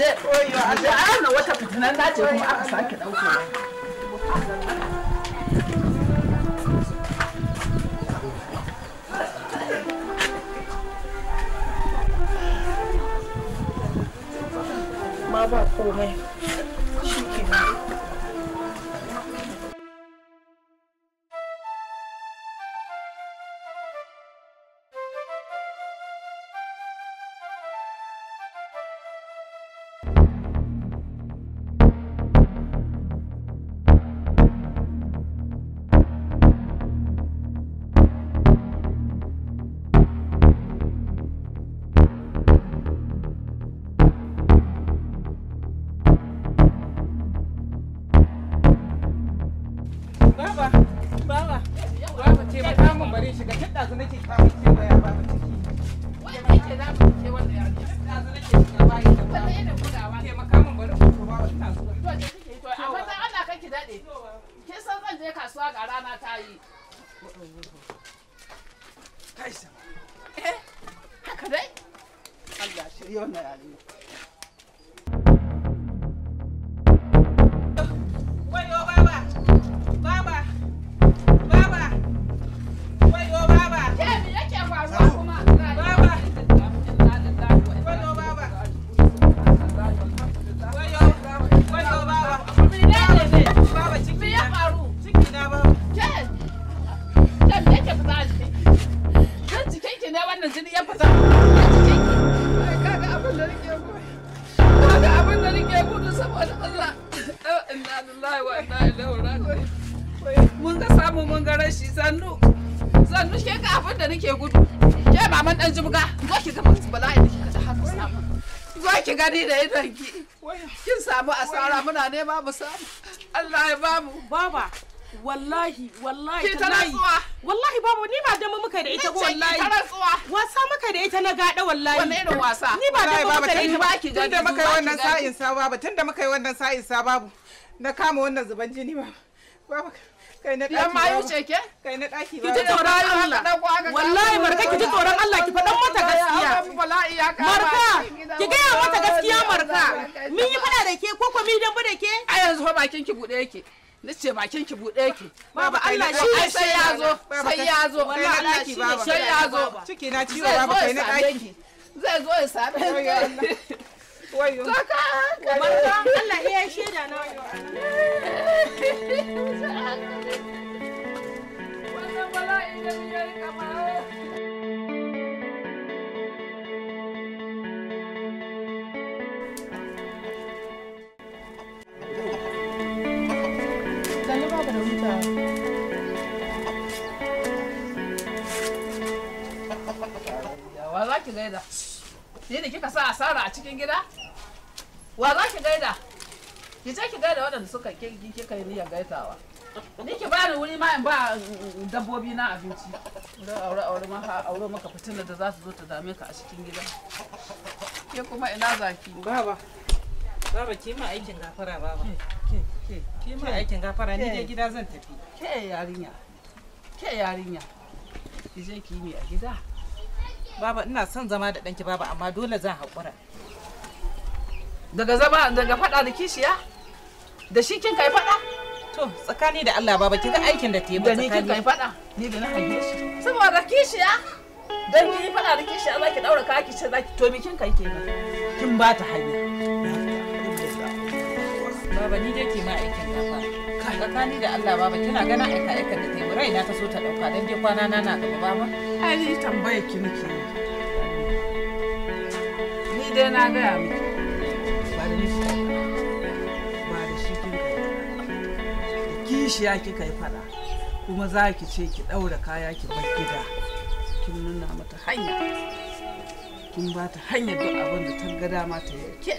ana wata fitinan dace kuma aka sake ɗauka ma ba komai shi ke Baba, baba, baba ce ba ta mun bare shiga ɗazu nake ta mun ce baya baba ciki. za mu ce wanda ya ce. ɗazu nake shiga baya da baba. Wanda yana gudawa. Ke maka mun bare ku baba ina To je kike to Allah kan ki dade. Kin san zan je kasuwa ga rana ta yi. Kai Eh, haka dai. Allah shirye wannan yarinya. nake abin da nake gudu saboda Allah eh, inna lillahi wa inna ilaihi raji'un mun ga samu mun ga rashi sannu ke ga abin da nake gudu ke maman dan jibga zo ki ga bala'i da kika samu zo ki gani da idan ki kin samu asara muna nema mu samu Allah ya bamu baba wallahi wallahi ta nayi wallahi babu ni ba dama muka da ita ba wallahi wasa muka da ita na gada wallahi wannan irin wasa ni ba dama muka da ita ba ki gani tunda muka yi wannan sa'in sa babu tunda muka yi wannan sa'in sa babu na kama wannan zuban jini ba babu kai na daki mayo ce ke kai na daki ba ki ji tsoron Allah wallahi marka ki ji tsoron Allah ki faɗan mata gaskiya marka ki ga mata gaskiya marka mun yi fada da ke ko ko mi dan bude ke a yanzu fa bakin ki bude yake nace bakin ki bude ki. baba Allah shi sai ya zo sai ya zo Wallahi Allah shi sai ya zo ciki na ciwo baba kai na daki zai zo ya sabe wayo kaka Allah iya shi da na wayo za ki gaida ni da kika sa asara a cikin gida wa za ki gaida ki je ki gaida waɗanda suka kika yi niyyar gaisawa ni ki ba ni wuri ma in ba mm, mm, dabbobi na abinci da aure aure maka aure maka fitina da za su zo ta dame ka a cikin gida ke kuma ina zaki baba baba ki ma aikin gafara baba ke ke ke ma aikin gafara ni dai gida zan tafi ke yarinya ke yarinya ki je ki yi a gida Baba ina son zama da ɗanki baba amma dole zan haƙura. Daga zama daga faɗa da kishiya? Da shi kin kai faɗa? To tsakani da Allah baba kin ga aikin da ta yi ba tsakani. Da ni kin kai faɗa? Ni da na haife shi. Saboda kishiya? Dan kin faɗa da kishiya za ki ɗaura kaki ce zaki to me kin kai kenan. Kin ba ta hanya. Baba ni dai ke ma aikin da fa. tsakani da Allah baba kina gana aika aika da teburai na ta so ta dauka dan je kwana na na gaba baba ai ni tambaye ki nake ni dai na ga ba da ni ba da shi kin kishiya kika yi fada kuma za ki ce ki daura kaya ki bar gida kin nuna mata hanya kin ba ta hanyar duk abin da ta ga dama ta yi ke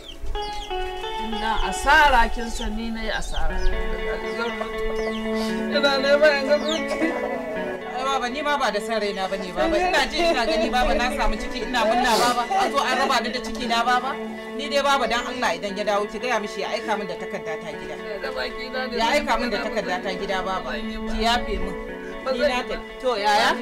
ina asara kin san ni na yi asara ina ba yanzu mutu baba ni baba da san raina bane baba ina ji ina gani baba na samu ciki ina munna baba an zo an raba ni da ciki na baba ni dai baba dan Allah idan ya dawo ki gaya mishi ya aika min da takarda ta gida ya aika min da takarda ta gida baba ki yafe min ni na ta, to yaya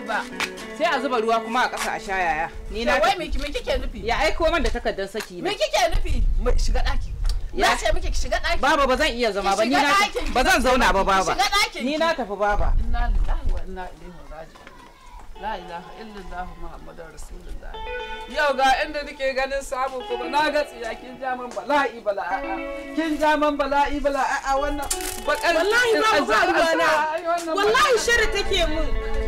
sai a zuba ruwa kuma a ƙasa a sha yaya ni na wai miki miki ke nufi ya aiko man da takardar saki ne. me kike nufi shiga daki. ya ce miki ki shiga daki. baba ba zan iya zama ba ni na ba zan zauna ba baba Shiga daki. ni na tafi baba inna lillahi wa inna ilaihi raji'un la ilaha illallah Muhammadur rasulullah yau ga inda nake ganin samu kuma na ga tsiya kin ja man bala'i bala'a kin ja man bala'i bala'a wannan bakar wallahi ba ruwa na wallahi shirri take mun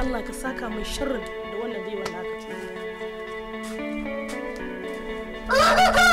Allah ka saka mai sharrin da wannan baiwan naka.